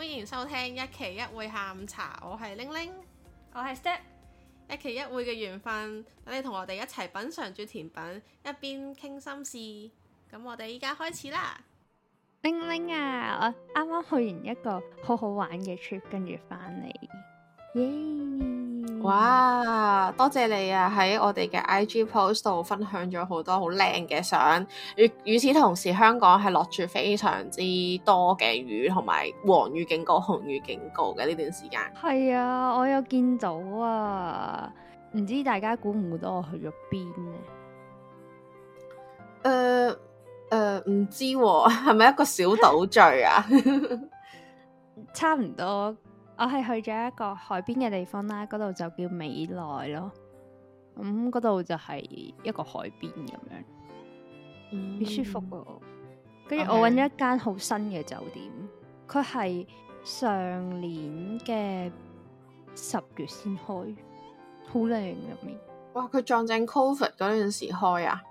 歡迎收聽一期一會下午茶，我係玲玲，我係 Step，一期一會嘅緣分，等你同我哋一齊品嘗住甜品，一邊傾心事。咁我哋依家開始啦，玲玲啊，我啱啱去完一個好好玩嘅 trip，跟住翻嚟，耶！Yay! 哇！多謝你啊，喺我哋嘅 IG post 度分享咗好多好靚嘅相。與與此同時，香港係落住非常之多嘅雨，同埋黃雨警告、紅雨警告嘅呢段時間。係啊，我有見到啊，唔知大家估唔估到我去咗邊呢？誒誒、呃，唔、呃、知係咪、啊、一個小島嶼啊？ 差唔多。我係去咗一個海邊嘅地方啦，嗰度就叫美奈咯。咁嗰度就係一個海邊咁樣，好、嗯、舒服。跟住我揾咗一間好新嘅酒店，佢係 Okay. 上年嘅十月先開，好靚入面。哇！佢撞正 Covid 嗰陣時開啊？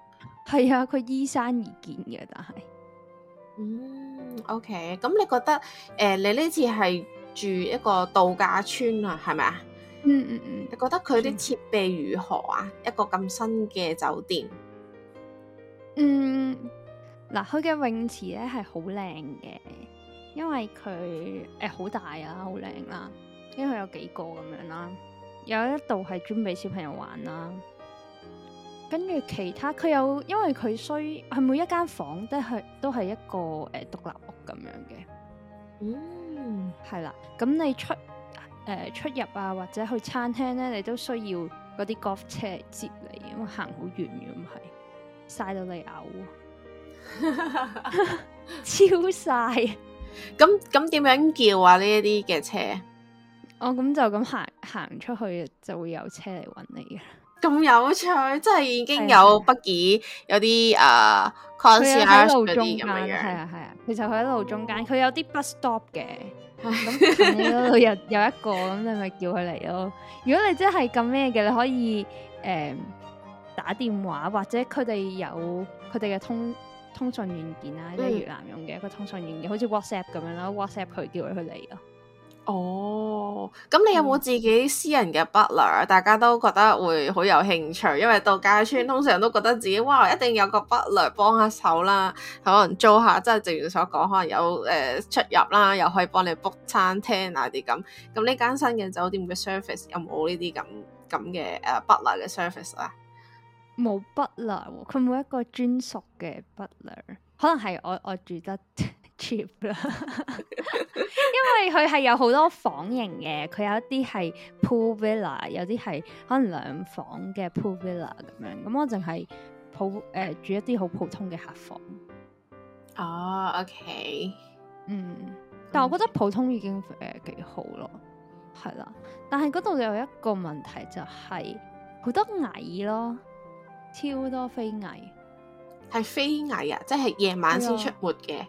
係啊，佢依山而建嘅，但係，嗯，OK。咁你覺得誒、呃，你呢次係？住一個度假村啊，係咪啊？嗯嗯嗯，你覺得佢啲設備如何啊？嗯、一個咁新嘅酒店，嗯，嗱，佢嘅泳池咧係好靚嘅，因為佢誒好大啊，好靚啦，因為有幾個咁樣啦，有一度係專俾小朋友玩啦、啊，跟住其他佢有，因為佢衰係每一間房都係都係一個誒、欸、獨立屋咁樣嘅，嗯。嗯，係啦，咁你出誒、呃、出入啊，或者去餐廳咧，你都需要嗰啲 golf 車接你，因為行好遠嘅嘛，係晒到你嘔， 超晒。咁咁點樣叫啊？呢一啲嘅車？哦，咁就咁行行出去就會有車嚟搵你嘅。咁有趣，即係已經有北幾的有啲誒，佢、uh, 喺路中間，係啊係啊。其實佢喺路中間，佢、oh. 有啲 bus stop 嘅。咁佢又有一個，咁 你咪叫佢嚟咯。如果你真係咁咩嘅，你可以誒、呃、打電話或者佢哋有佢哋嘅通通訊軟件啊，即、就、係、是、越南用嘅一個通訊軟件，好似、嗯、WhatsApp 咁樣咯，WhatsApp 佢叫佢嚟咯。哦，咁你有冇自己私人嘅 butler？、嗯、大家都覺得會好有興趣，因為度假村通常都覺得自己哇，一定有個 butler 幫下手啦。可能租下，即係正如所講可能有誒、呃、出入啦，又可以幫你 book 餐廳啊啲咁。咁呢間新嘅酒店嘅、uh, service 有冇呢啲咁咁嘅誒 butler 嘅 service 啊？冇 butler，佢冇一個專屬嘅 butler，可能係我我住得。cheap 啦，che 因為佢係有好多房型嘅，佢有一啲係 pool villa，有啲係可能兩房嘅 pool villa 咁樣。咁我淨係普誒、呃、住一啲好普通嘅客房。哦、oh,，OK，嗯，但係我覺得普通已經誒幾、呃、好咯，係啦。但係嗰度有一個問題就係、是、好多蟻咯，超多飛蟻，係飛蟻啊，即係夜晚先出沒嘅。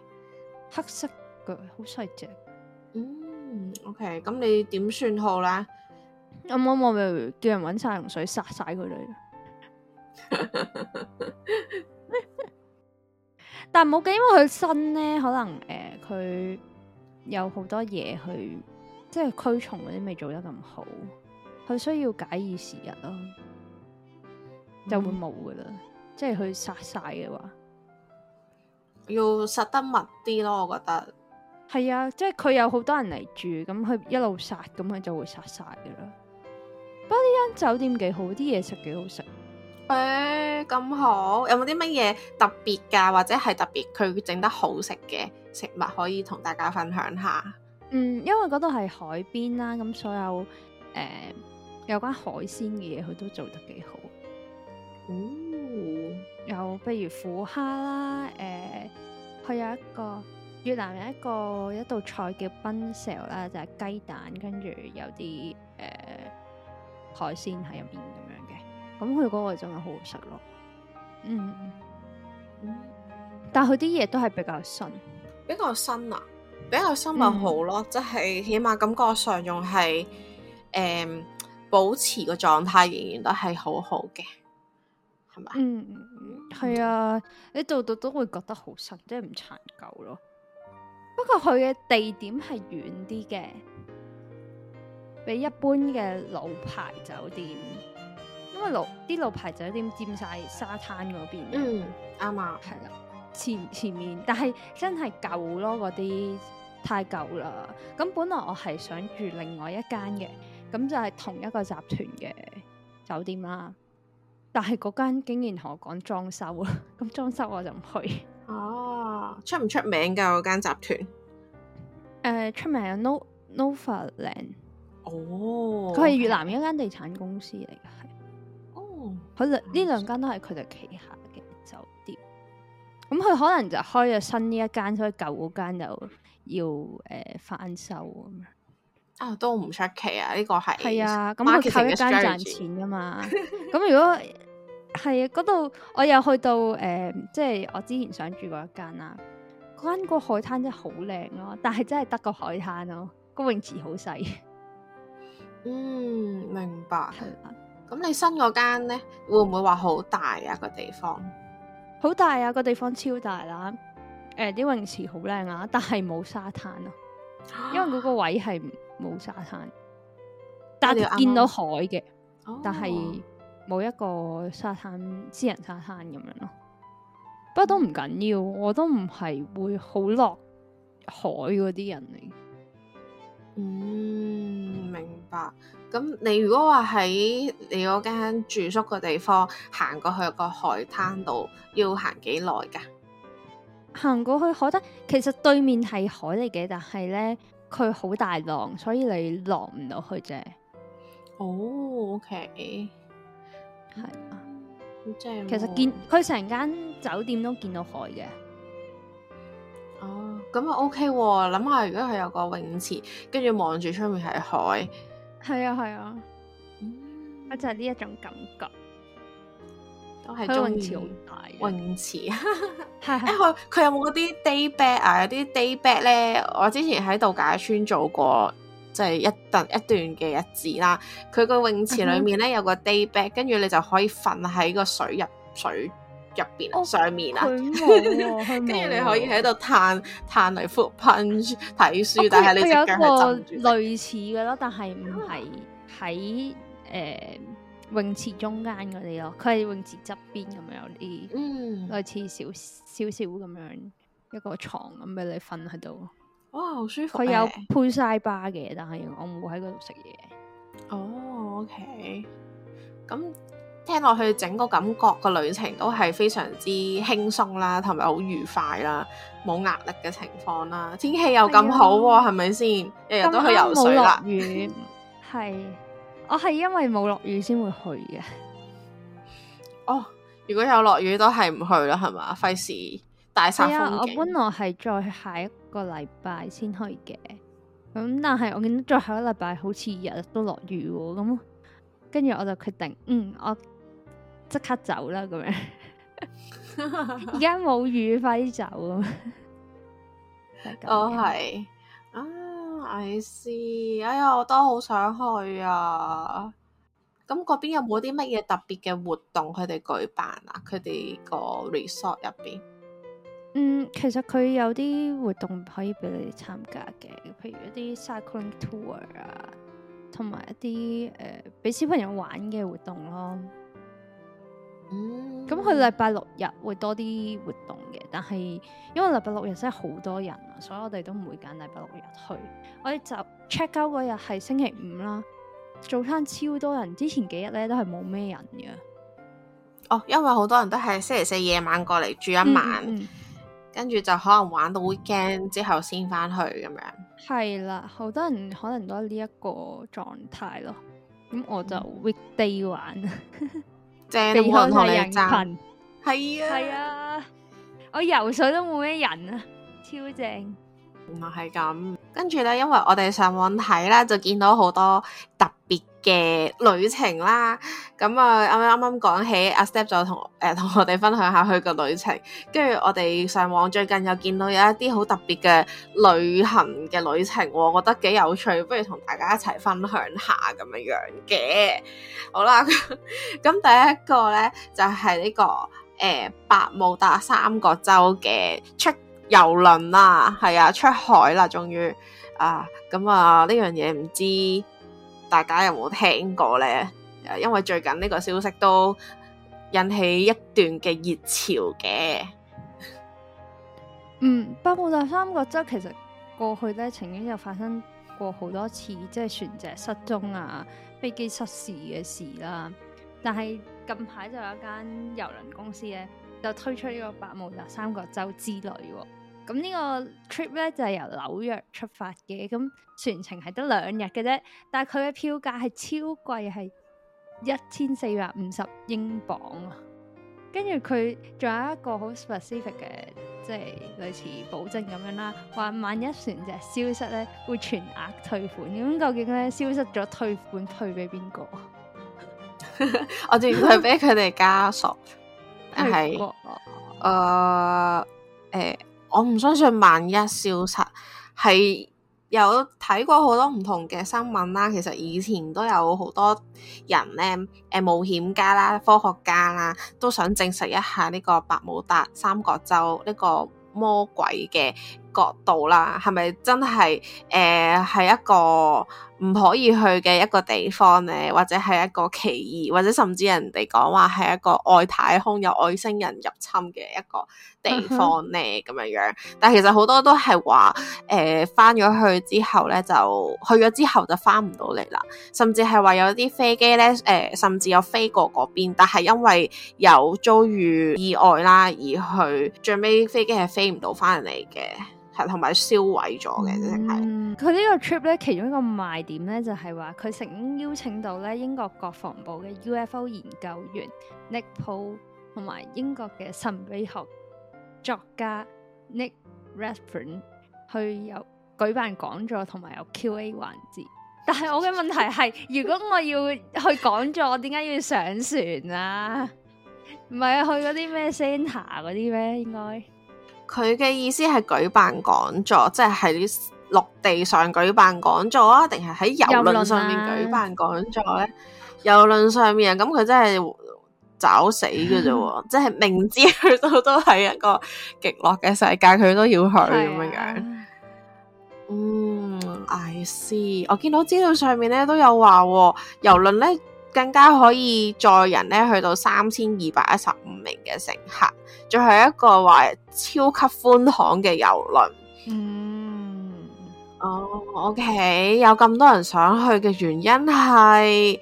黑色嘅、嗯 OK，好細隻， 嗯，OK，咁你點算好啦？我我咪叫人搵晒龍水殺晒佢哋， 但冇計，因為佢身咧可能誒，佢、呃、有好多嘢去即係驅蟲嗰啲未做得咁好，佢需要假以時日咯，啊，就會冇噶啦，嗯、即係佢殺晒嘅話。要殺得密啲咯，我覺得係啊，即係佢有好多人嚟住，咁佢一路殺，咁佢就會殺晒噶啦。不過呢間酒店幾好，啲嘢食幾好食。誒、欸，咁好，有冇啲乜嘢特別噶，或者係特別佢整得好食嘅食物可以同大家分享下？嗯，因為嗰度係海邊啦，咁所有誒、呃、有關海鮮嘅嘢佢都做得幾好。嗯。有，譬如虎蝦啦，誒、呃，佢有一個越南有一個一道菜叫 bánh xèo 啦，就係、是、雞蛋跟住有啲誒、呃、海鮮喺入邊咁樣嘅，咁佢嗰個真係好好食咯。嗯，但係佢啲嘢都係比較新，比較新啊，比較新物好咯，即係、嗯、起碼感覺上用係誒保持個狀態仍然都係好好嘅。嗯，係啊，你度度都會覺得好新，即係唔殘舊咯。不過佢嘅地點係遠啲嘅，比一般嘅老牌酒店，因為老啲老牌酒店佔晒沙灘嗰邊。嗯，啱吧啊，係啦，前前面，但係真係舊咯，嗰啲太舊啦。咁本來我係想住另外一間嘅，咁就係同一個集團嘅酒店啦。但係嗰間竟然同我講裝修啊，咁 裝修我就唔去。啊。出唔出名噶嗰間集團？誒，uh, 出名啊，No, Nova Land。哦，佢係越南一間地產公司嚟嘅，係。哦。佢呢兩間都係佢哋旗下嘅酒店。咁、嗯、佢可能就開咗新呢一間，所以舊嗰間就要誒、呃、翻修咁樣。啊，都唔出奇啊！呢、這個係係啊，咁、嗯、佢 Marketing 靠一間賺錢噶嘛。咁 如果係啊，嗰度我又去到誒，即、呃、係、就是、我之前想住嗰一間啊。嗰間個海灘真係好靚咯，但係真係得個海灘咯，個泳池好細。嗯，明白。係啊。咁你新嗰間咧，會唔會話好大啊？個地方好大啊！個地方超大啦、啊。誒、呃，啲泳池好靚啊，但係冇沙灘咯、啊，因為嗰個位係。 冇沙灘，但係剛見到海嘅，哦、但係冇一個沙灘，私人沙灘咁樣咯。不過都唔緊要，我都唔係會好落海嗰啲人嚟。嗯，明白。咁你如果話喺你嗰間住宿嘅地方行過去個海灘度，要行幾耐㗎？行過去海灘，其實對面係海嚟嘅，但係呢。佢好大浪，所以你落唔到去啫。哦、oh,，OK，係啊，好正、啊。其實見佢成間酒店都見到海嘅。哦、oh, OK 啊，咁啊 OK，諗下如果係有個泳池，跟住望住出面係海，係啊係啊，我、啊嗯、就係呢一種感覺。都係泳，泳池，泳池，誒，佢佢有冇嗰啲 day bed 啊？有啲 day bed 咧，我之前喺度假村做過，即係一一段嘅日子啦。佢個泳池裏面咧有個 day bed 跟住你就可以瞓喺個水入水入邊上面啦、啊。跟住、哦、 你可以喺度嘆嘆嚟 fruit punch 睇書， 但係你隻腳係浸住。類似嘅咯，但係唔係喺誒。嗯 泳池中間嗰啲咯，佢係泳池側邊咁樣有啲，嗯、類似少少少咁樣一個床咁俾你瞓喺度。哇，好舒服！佢有配晒巴嘅，但係我唔會喺嗰度食嘢。哦、oh，OK。咁聽落去整個感覺個旅程都係非常之輕鬆啦，同埋好愉快啦，冇壓力嘅情況啦，天氣又咁好、啊，係咪先？日日都去游水啦，冇落雨，係。 我係因為冇落雨先會去嘅。哦，oh, 如果有落雨都係唔去啦，係嘛？費事大殺風景、啊、我本來係再下一個禮拜先去嘅，咁但係我見到最後一個禮拜好似日日都落雨，咁跟住我就決定，嗯，我即刻走啦，咁樣。而家冇雨，快啲走。哦， 係。Oh, yes. 係是，I 哎呀，我都好想去啊！咁嗰邊有冇啲乜嘢特別嘅活動佢哋舉辦啊？佢哋個 resort 入邊，嗯，其實佢有啲活動可以俾你哋參加嘅，譬如一啲 cycling tour 啊，同埋一啲誒，俾、呃、小朋友玩嘅活動咯。咁佢禮拜六日會多啲活動嘅，但係因為禮拜六日真係好多人啊，所以我哋都唔會揀禮拜六日去。我哋就 check out 嗰日係星期五啦，早餐超多人，之前幾日咧都係冇咩人嘅。哦，因為好多人都係星期四夜晚過嚟住一晚，跟住，嗯、就可能玩到 weekend 之後先翻去咁樣。係啦，好多人可能都係呢一個狀態咯。咁我就 weekday 玩。嗯 正向係人群，係啊，係啊，我游水都冇咩人啊，超正。原來係咁，跟住呢，因為我哋上網睇呢，就見到好多特嘅旅程啦，咁、嗯、啊，啱啱講起阿 Step 就同誒同我哋分享下佢個旅程，跟住我哋上網最近又見到有一啲好特別嘅旅行嘅旅程，我覺得幾有趣，不如同大家一齊分享下咁樣樣嘅好啦。咁、嗯、第一個咧就係、是、呢、這個誒百慕達三角洲嘅出郵輪啦，係啊出海啦，終於啊咁啊呢樣嘢唔知。大家有冇聽過咧？因為最近呢個消息都引起一段嘅熱潮嘅。嗯，百慕達三角洲其實過去咧曾經有發生過好多次，即係船隻失蹤啊、飛機失事嘅事啦。但係近排就有一間郵輪公司咧，就推出呢個百慕達三角洲之旅。咁、嗯這個、呢個 trip 咧就係、是、由紐約出發嘅，咁、嗯、全程係得兩日嘅啫，但係佢嘅票價係超貴，係一千四百五十英鎊。跟住佢仲有一個好 specific 嘅，即係類似保證咁樣啦，話萬一船隻消失咧，會全額退款。咁究竟咧消失咗，退款退俾邊個？ 我仲要佢俾佢哋家屬，係誒誒。啊呃呃呃我唔相信萬一消失，係有睇過好多唔同嘅新聞啦，其實以前都有好多人咧，誒冒險家啦、科學家啦，都想證實一下呢個百慕達三角洲呢個魔鬼嘅。角度啦，係咪真係？誒、呃，係一個唔可以去嘅一個地方呢，或者係一個奇異，或者甚至人哋講話係一個外太空有外星人入侵嘅一個地方呢。咁樣樣。但其實好多都係話，誒、呃，翻咗去之後呢，就去咗之後就翻唔到嚟啦。甚至係話有啲飛機呢，誒、呃，甚至有飛過嗰邊，但係因為有遭遇意外啦，而去最尾飛機係飛唔到翻嚟嘅。同埋燒毀咗嘅，淨係佢呢個 trip 咧，其中一個賣點咧，就係話佢曾經邀請到咧英國國防部嘅 UFO 研究員 Nick Pope 同埋英國嘅神秘學作家 Nick Redfern 去有舉辦講座同埋有 Q&A 環節。但係我嘅問題係， 如果我要去講座，我點解要上船啊？唔係、啊、去嗰啲咩 centre 嗰啲咩應該？佢嘅意思係舉辦講座，即係喺陸地上舉辦講座啊，定係喺郵輪上面舉辦講座咧？郵輪、啊、輪上面啊，咁佢真係找死嘅啫， 即係明知去到都係一個極樂嘅世界，佢都要去咁 樣。啊、嗯，I see。我見到資料上面咧都有話、哦，郵輪咧更加可以載人咧去到三千二百一十五名嘅乘客。最後一個話超級寬敞嘅遊輪，嗯，哦，O K，有咁多人想去嘅原因係，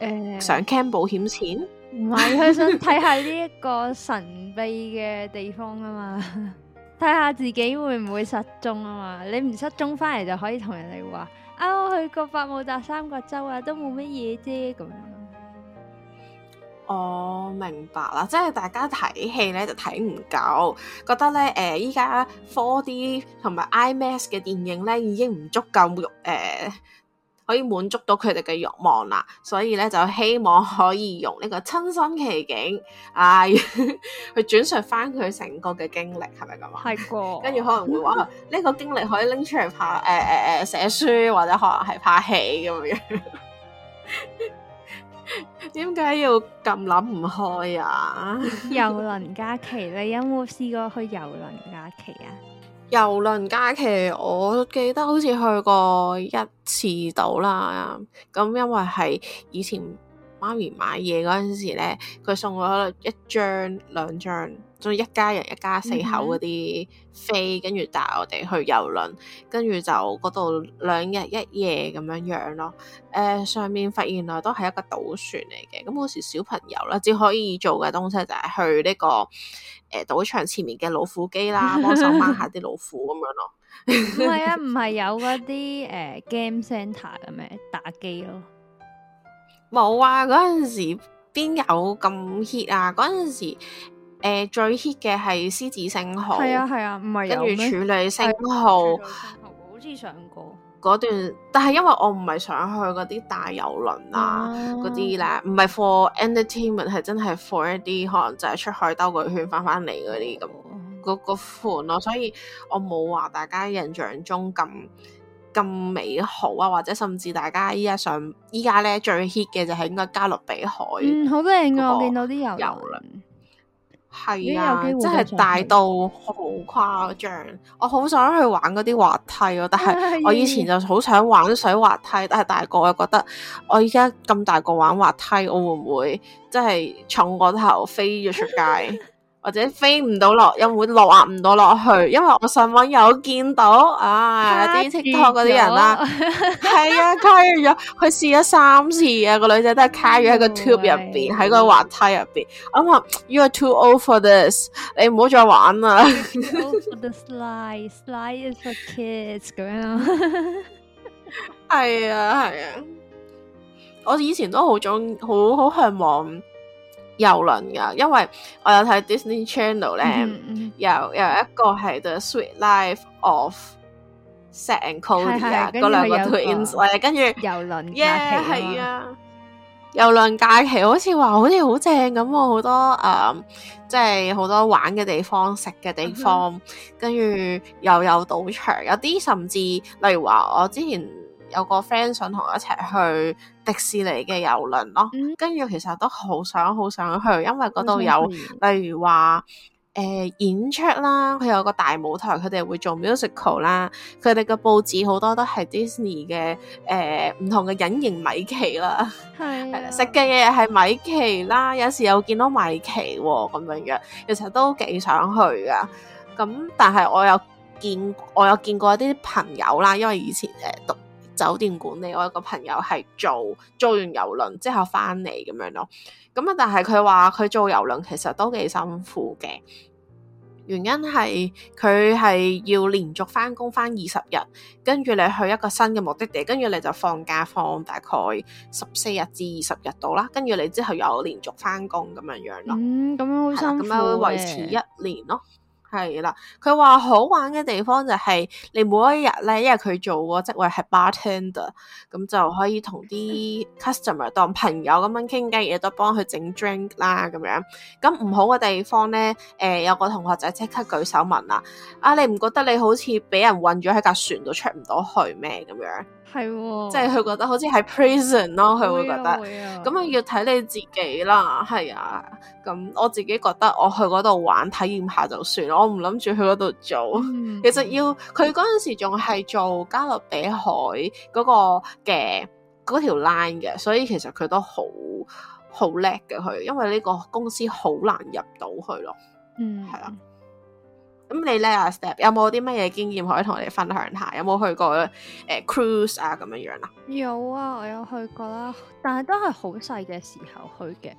誒、呃，想 claim 保險錢，唔係佢想睇下呢一個神秘嘅地方啊嘛，睇下自己會唔會失蹤啊嘛，你唔失蹤返嚟就可以同人哋話啊，我去過百慕達三角洲啊，都冇乜嘢啫咁。我、oh, 明白啦，即係大家睇戲咧就睇唔夠，覺得咧誒依、呃、家 4D 同埋 IMAX 嘅電影咧已經唔足夠欲誒，可以滿足到佢哋嘅欲望啦，所以咧就希望可以用呢個親身奇景 I、哎、 去轉述翻佢成個嘅經歷，係咪咁啊？係跟住可能會話呢 個經歷可以拎出嚟拍誒誒誒寫書，或者可能係拍戲咁樣。 點解要咁諗唔開啊？郵輪假期，你有冇試過去郵輪假期啊？郵輪假期，我記得好似去過一次到啦。咁因為係以前。媽咪買嘢嗰陣時咧，佢送咗一張兩張，仲一家人一家四口嗰啲飛， 跟住帶我哋去遊輪，跟住就嗰度兩日一夜咁樣樣咯。誒、呃，上面發現來都係一個賭船嚟嘅。咁嗰時小朋友啦、啊，只可以做嘅東西就係去呢、這個誒賭場前面嘅老虎機啦，幫手掹下啲老虎咁樣、呃、咯。唔係啊，唔係有嗰啲誒 game centre 嘅咩打機咯？冇啊！嗰陣時邊有咁 hit 啊！嗰陣時、呃，最 hit 嘅係獅子星號，係啊係啊，唔係跟住處女星,星號，好似上過嗰段，但係因為我唔係想去嗰啲大遊輪啊嗰啲咧，唔係、啊、for entertainment，係真係 for 一啲可能就係出海兜個圈翻翻嚟嗰啲咁嗰個款咯，嗯、所以我冇話大家印象中咁。咁美好啊，或者甚至大家依家上依家咧最 hit 嘅就係應該加勒比海。嗯，好靚、嗰個、啊！我見到啲遊遊輪係啊，真係大到好誇張。嗯、我好想去玩嗰啲滑梯啊，但係我以前就好想玩水滑梯，但係大個我又覺得我依家咁大個玩滑梯，我會唔會真係重過頭飛咗出街。」 或者飛唔到落，又會落壓唔到落去？因為我上網有見到啊，啲吓 TikTok 嗰啲人啦、啊，係 啊，卡住咗，佢試咗三次啊，女個女仔都係卡住喺個 tube 入邊，喺個滑梯入邊。我話 You are too old for this，你唔好再玩啦。Too old for S the slide，slide is for kids 咁樣啊。係啊，係啊，我以前都好中，好好嚮往。郵輪㗎，因為我有睇 Disney Channel 咧、嗯，又有，有一個係 The Sweet Life of Seth and Cody 啊，嗰兩后個 twins 咧，跟住郵輪假期係啊，郵輪、啊、假期好似話好似好正咁喎，好多啊，多嗯、即係好多玩嘅地方、食嘅地方，跟住、嗯、哼又有賭場，有啲甚至例如話我之前。有個 friend 想同我一齊去迪士尼嘅遊輪咯，跟住、嗯、其實都好想好想去，因為嗰度有、嗯嗯、例如話誒、呃、演出啦，佢有個大舞台，佢哋會做 musical 啦。佢哋嘅佈置好多都係 Disney 嘅誒唔同嘅隱形米奇啦，係食嘅嘢係米奇啦，有時有見到米奇咁、哦、樣嘅，其實都幾想去噶。咁但係我有見我有見過一啲朋友啦，因為以前誒讀酒店管理，我有個朋友係做做完郵輪之後翻嚟咁樣咯，咁啊但係佢話佢做郵輪其實都幾辛苦嘅，原因係佢係要連續翻工翻二十日，跟住你去一個新嘅目的地，跟住你就放假放大概十四日至二十日度啦，跟住你之後又連續翻工咁樣樣咯，嗯，咁樣好辛苦，咁樣會維持一年咯。係啦，佢話好玩嘅地方就係你每一日咧，因為佢做個職位係 bartender，咁就可以同啲 customer 當朋友咁樣傾偈，亦都幫佢整 drink 啦咁樣。咁唔好嘅地方咧，誒、呃、有個同學仔即刻舉手問啦，啊你唔覺得你好似俾人困咗喺架船度出唔到去咩咁樣？係，哦、即係佢覺得好似喺 prison 咯，佢、哦、會覺得，咁啊、哦哦、要睇你自己啦，係啊，咁我自己覺得我去嗰度玩體驗下就算，我唔諗住去嗰度做。嗯、 其實要佢嗰陣時仲係做加勒比海嗰個嘅嗰條 line 嘅，所以其實佢都好好叻嘅佢，因為呢個公司好難入到去咯，啊、嗯，係啊。咁你咧啊 step 有冇啲乜嘢經驗可以同我哋分享下？有冇去過誒、呃、cruise 啊咁樣樣啊？有啊，我有去過啦，但係都係好細嘅時候去嘅。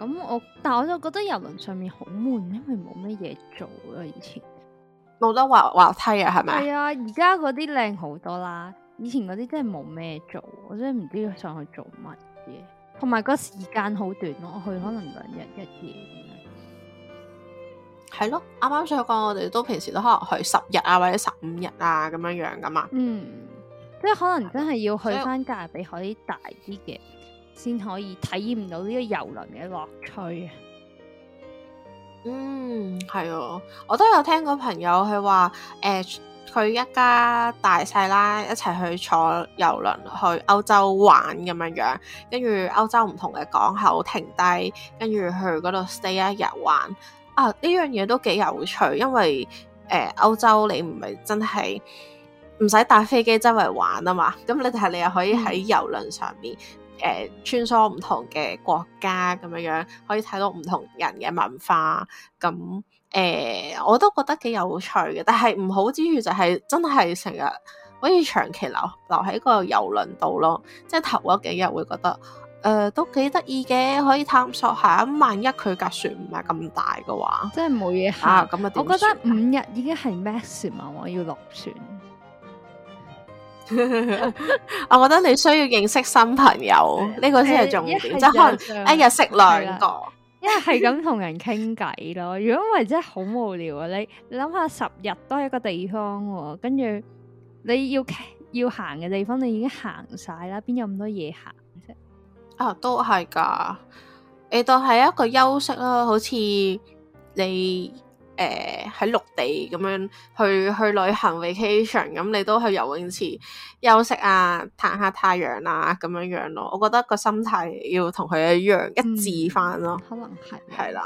咁我但係我就覺得遊輪上面好悶，因為冇乜嘢做啊。以前冇得滑滑梯啊，係咪？係啊，而家嗰啲靚好多啦。以前嗰啲真係冇咩做，我真係唔知佢上去做乜嘢。同埋個時間好短咯，我去可能兩日一夜。係咯，啱啱想講，我哋都平時都可能去十日啊，或者十五日啊咁樣樣噶嘛。嗯，即係可能真係要去翻，加勒比海大啲嘅，先可以體驗到呢個遊輪嘅樂趣。嗯，係啊，我都有聽過朋友佢話，誒，佢、呃、一家大細啦，一齊去坐遊輪去歐洲玩咁樣樣，跟住歐洲唔同嘅港口停低，跟住去嗰度 stay 一日玩。啊！呢樣嘢都幾有趣，因為誒、呃、歐洲你唔係真係唔使搭飛機周圍玩啊嘛，咁你係你又可以喺郵輪上面誒、嗯呃、穿梭唔同嘅國家咁樣樣，可以睇到唔同人嘅文化，咁誒、呃、我都覺得幾有趣嘅。但係唔好之處就係真係成日可以長期留留喺個郵輪度咯，即係頭嗰幾日會覺得。誒都幾得意嘅，可以探索下。咁萬一佢架船唔係咁大嘅話，即係冇嘢行。嚇咁啊！我覺得五日已經係 max 啦，我要落船。我覺得你需要認識新朋友，呢個先係重點。即係可能一日識兩個，因為係咁同人傾偈咯。如果唔係真係好無聊啊！你你諗下十日都係一個地方喎，跟住你要要行嘅地方你已經行曬啦，邊有咁多嘢行？都係噶你都係一個休息啦，好似你誒喺陸地咁樣去去旅行 vacation，咁你都去游泳池休息啊，曬下太陽啊咁樣樣咯。我覺得個心態要同佢一樣，嗯、一致翻咯，可能係係啦，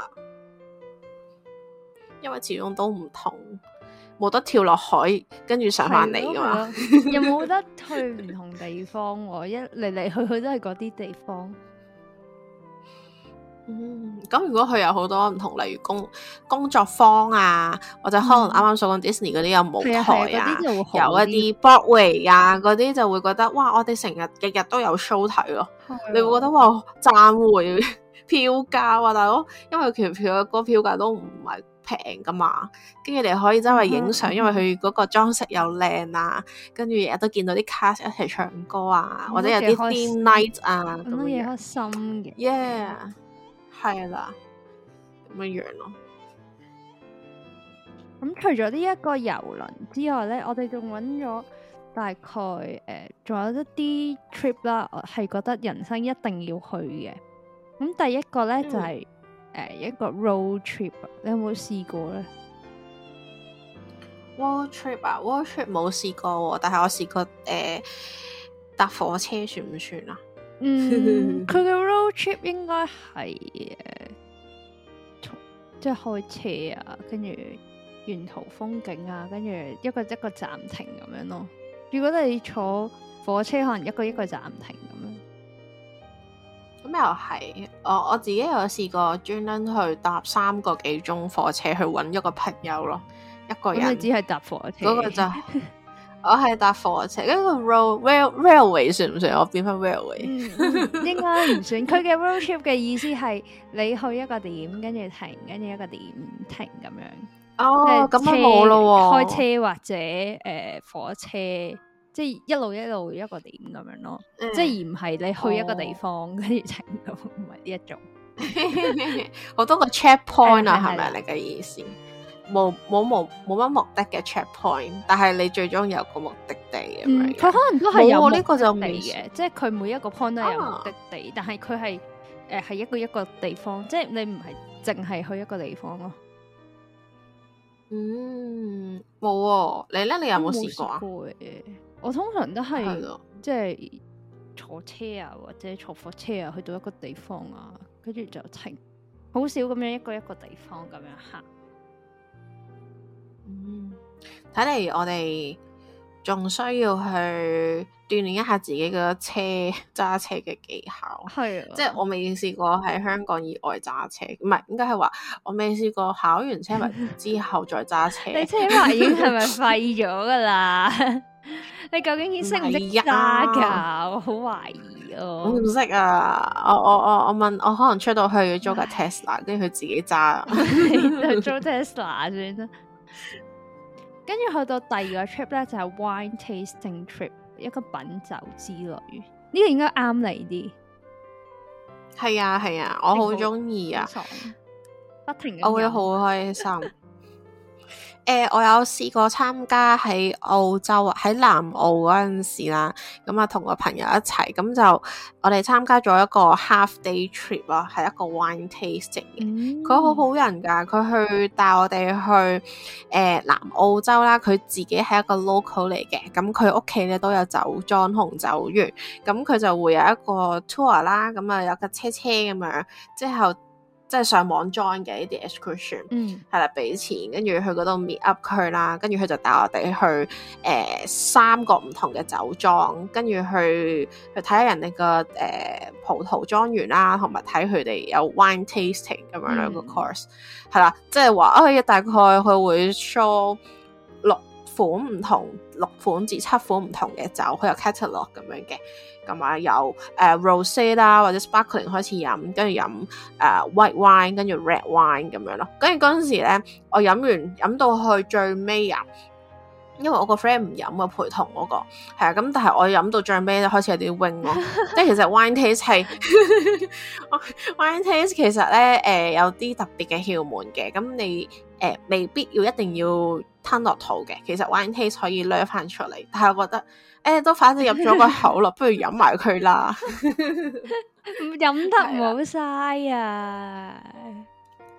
因為始終都唔同。冇得跳落海，跟住上返嚟㗎嘛？ 又冇得去唔同地方喎、啊，一嚟嚟去去都係嗰啲地方。嗯，咁如果佢有好多唔同，例如工工作坊啊，或者可能啱啱所講 Disney 嗰啲有舞台啊，是是是一有一啲 Broadway 啊嗰啲，就會覺得哇！我哋成日日日都有 show 睇咯、啊，的你會覺得哇！賺回票價啊，大佬，因為佢票個票,票價都唔係。平噶嘛，跟住你可以周圍影相，嗯、因為佢嗰個裝飾又靚啊，跟住日日都見到啲 cast 一齊唱歌啊，嗯、或者有啲 night 啊咁樣樣。咁都幾開心嘅。Yeah，係啦，咁樣樣咯。咁除咗呢一個遊輪之外咧，我哋仲揾咗大概誒，仲有一啲 trip 啦，我係覺得人生一定要去嘅。咁、嗯、第一個咧就係、是。嗯誒，一個 road trip 你有冇試過咧？road trip 啊，road trip 冇試過、啊、過，但係我試過誒，搭火車算唔算啊？嗯，佢嘅 road trip 應該係誒，即、呃、係、就是、開車啊，跟住沿途風景啊，跟住一個一個暫停咁、啊、樣咯。如果你坐火車，可能一個一個暫停咁、啊、樣。咁又係，我我自己有試過專登去搭三個幾鐘火車去搵一個朋友咯，一個人只係搭火車嗰個就我係搭火車，跟住 road railway 算唔算，Rail、 嗯、算？我變翻 railway，應該唔算。佢嘅 road trip 嘅意思係你去一個點，跟住停，跟住一個點停咁樣。哦，咁啊冇咯，開車或者誒、呃、火車。即係一路一路一個點咁樣咯，即係而唔係你去一個地方，跟住就唔係呢一種，好多個 check point 啊，係咪你嘅意思？冇冇冇冇乜目的嘅 check point，但係你最終有個目的地咁樣。佢可能都係有，呢個就未嘅，即係佢每一個 point 都有目的地，但係佢係誒係一個一個地方，即係你唔係淨係去一個地方咯。嗯，冇喎，你咧你有冇試過啊？我通常都係的即係坐車啊，或者坐火車啊，去到一個地方啊，跟住就停。好少咁樣一個一個地方咁樣行。嗯，睇嚟，我哋仲需要去鍛煉一下自己嘅車揸車嘅技巧。係啊的，即係我未試過喺香港以外揸車，唔係應該係話我未試過考完車牌之後再揸車。 你車牌已經係咪廢咗噶啦？ 你究竟識唔識揸㗎？啊、我好懷疑哦、啊。我唔識啊！我我我我問我可能出到去要租架 Tesla，跟住佢自己揸， 你就租 Tesla 算啦。跟住去到第二個 trip 咧，就係、是、wine tasting trip，一個品酒之旅。呢、這個應該啱你啲。係啊係啊，我好中意啊！不停，我會好開心。 誒、呃，我有試過參加喺澳洲啊，喺南澳嗰陣時啦，咁啊同個朋友一齊，咁就我哋參加咗一個 half day trip 咯，係一個 wine tasting 嘅。佢好、嗯、好人噶，佢去帶我哋去誒、呃、南澳洲啦，佢自己係一個 local 嚟嘅，咁佢屋企咧都有酒莊紅酒園，咁佢就會有一個 tour 啦，咁啊有架車車咁樣之後。即係上網 join 嘅一啲 excursion，係啦，俾、嗯、錢跟住去嗰度 meet up 佢啦，跟住佢就帶我哋去誒、呃、三個唔同嘅酒莊，跟住去去睇下人哋個誒葡萄莊園啦，同埋睇佢哋有 wine tasting 咁樣兩個 course，係啦、嗯，即係話誒大概佢會 show 六款唔同。六款至七款唔同嘅酒，佢有 catalog 咁樣嘅，咁、嗯、啊有誒、呃、rosé 啦，或者 sparkling 開始飲，跟住飲誒、呃、white wine，跟住 red wine 咁樣咯。跟住嗰陣時咧，我飲完飲到去最尾啊，因為我個 friend 唔飲啊，陪同我、那個係啊，咁但係我飲到最尾就開始有啲 wing 咯。 即係其實 wine taste 係 wine taste 其實咧誒、呃、有啲特別嘅竅門嘅，咁你。誒、呃，未必要一定要吞落肚嘅，其實 wine taste 可以掠翻出嚟。但係我覺得，誒、欸，都反正入咗個口咯， 不如飲埋佢啦。飲 得唔好嘥啊！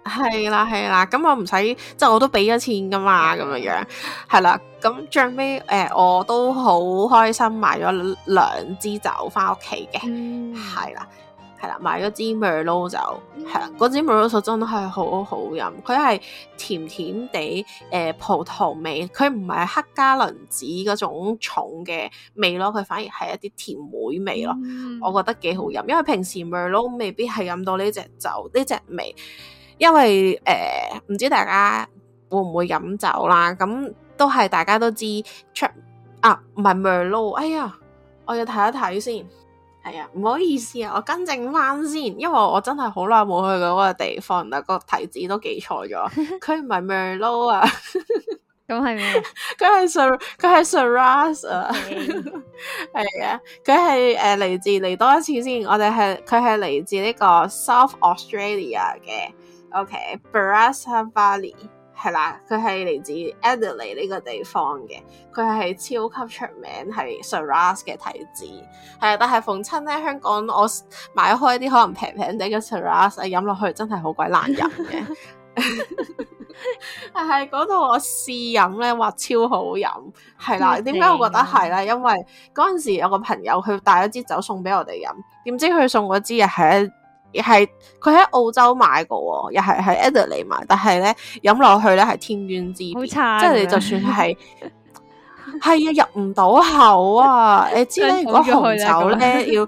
係啦係啦，咁、啊啊、我唔使，即係我都俾咗錢噶嘛，咁樣樣係啦。咁、啊、最尾誒、呃，我都好開心買咗兩支酒翻屋企嘅，係啦、嗯。係啦，買咗支 Merlot 酒啦，嗰支 Merlot 真係好好飲，佢係甜甜地誒、呃、葡萄味，佢唔係黑加侖子嗰種重嘅味咯，佢反而係一啲甜妹味咯，mm hmm. 我覺得幾好飲，因為平時 Merlot 未必係飲到呢隻酒呢隻味，因為誒唔、呃、知大家會唔會飲酒啦，咁都係大家都知 c 啊，唔係 Merlot，哎呀，我要睇一睇先。係啊，唔好意思啊，我更正翻先，因為我真係好耐冇去過嗰個地方，但係個提子都記錯咗，佢唔係 Merlot 啊，咁係咩？佢係 Sir，佢係 s, Shiraz 啊 Okay. 係啊。佢係誒嚟自，嚟多一次先，我哋係佢係嚟自呢個 South Australia 嘅，OK，Barossa Valley。Okay, 係啦，佢係嚟自 Adelaide 呢個地方嘅，佢係超級出名，係 Shiraz 嘅提子，係但係逢親咧，香港我買開啲可能平平地嘅 Shiraz，飲落去真係好鬼難飲嘅，但係嗰度我試飲咧，話超好飲，係啦，點解我覺得係咧？嗯、因為嗰陣時有個朋友佢帶咗支酒送俾我哋飲，點知佢送嗰支係。亦係佢喺澳洲買過，又係喺 Adelaide 買，但係咧飲落去咧係天淵之別，即係你就算係係啊入唔到口啊！你知咧，如果紅酒咧要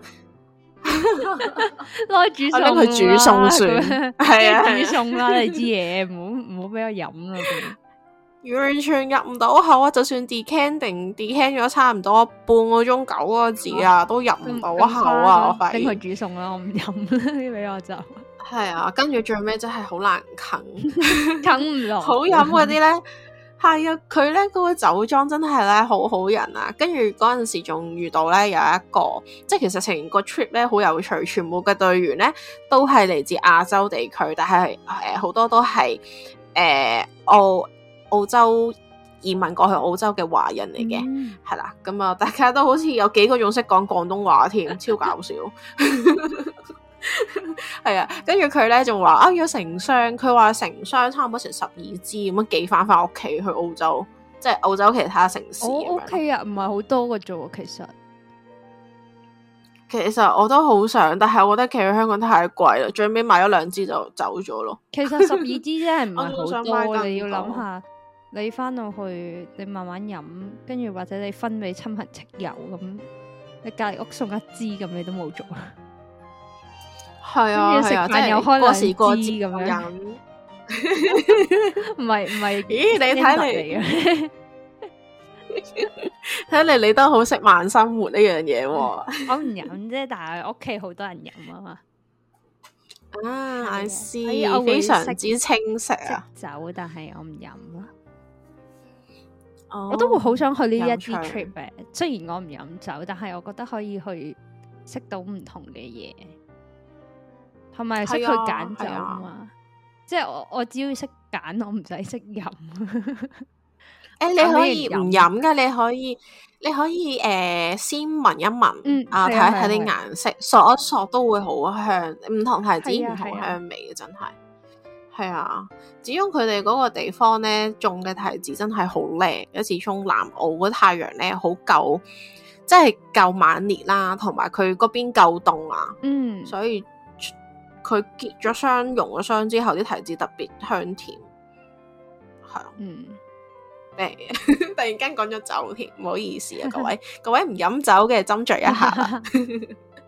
攞煮餸，我煮，啊煮，我拎佢煮餸算。係啊煮餸啦，你知嘢，唔好唔好俾我飲啦。完全入唔到口啊！就算 decant 定 decant 咗差唔多半個鐘九個字啊，都入唔到口啊！嗯、我快啲去煮餸啦，我唔飲啦啲俾我就係啊。跟住、嗯、最尾真係 好難啃，啃唔落好飲嗰啲咧係啊。佢咧嗰個酒莊真係咧好好人啊。跟住嗰陣時仲遇到咧有一個，即係其實成個 trip 咧好有趣，全部嘅隊員咧都係嚟自亞洲地區，但係誒好多都係誒澳。呃呃呃澳洲移民過去澳洲嘅華人嚟嘅，係啦、嗯，咁啊，大家都好似有幾個仲識講廣東話添，超搞笑。係啊， 跟住佢咧仲話啊，要、哦、成箱，佢話成箱差唔多成十二支咁樣寄翻翻屋企去澳洲，即係澳洲其他城市。O K 啊，唔係好多嘅啫，其實其實我都好想，但係我覺得其實香港太貴啦，最尾買咗兩支就走咗咯。其實十二支真係唔係好多 想買，你要諗下。你翻到去，你慢慢飲，跟住或者你分俾親朋戚友咁，你隔籬屋送一支咁，你都冇做。係啊係啊，又開兩支咁樣飲，唔係唔係，咦？你睇嚟睇嚟，你都好識慢生活呢樣嘢。我唔飲啫，但係屋企好多人飲啊嘛。啊，我知，我非常之清晰啊，酒但係我唔飲啦。我都會好想去呢一啲 trip 嘅。雖然我唔飲酒，但係我覺得可以去識到唔同嘅嘢，同埋識去揀酒啊，即係我我只要識揀，我唔使識飲。誒，你可以唔飲噶，你可以你可以誒先聞一聞，啊睇睇啲顏色，索一索都會好香，唔同牌子唔同香味嘅真係。係啊，始終佢哋嗰個地方咧種嘅提子真係好靚。一始終南澳個太陽咧好夠，即係夠猛烈啦，同埋佢嗰邊夠凍啊。嗯，所以佢結咗霜、融咗霜之後，啲提子特別香甜。係嗯， 突然間講咗酒添，唔好意思啊，各位， 各位唔飲酒嘅斟酌一下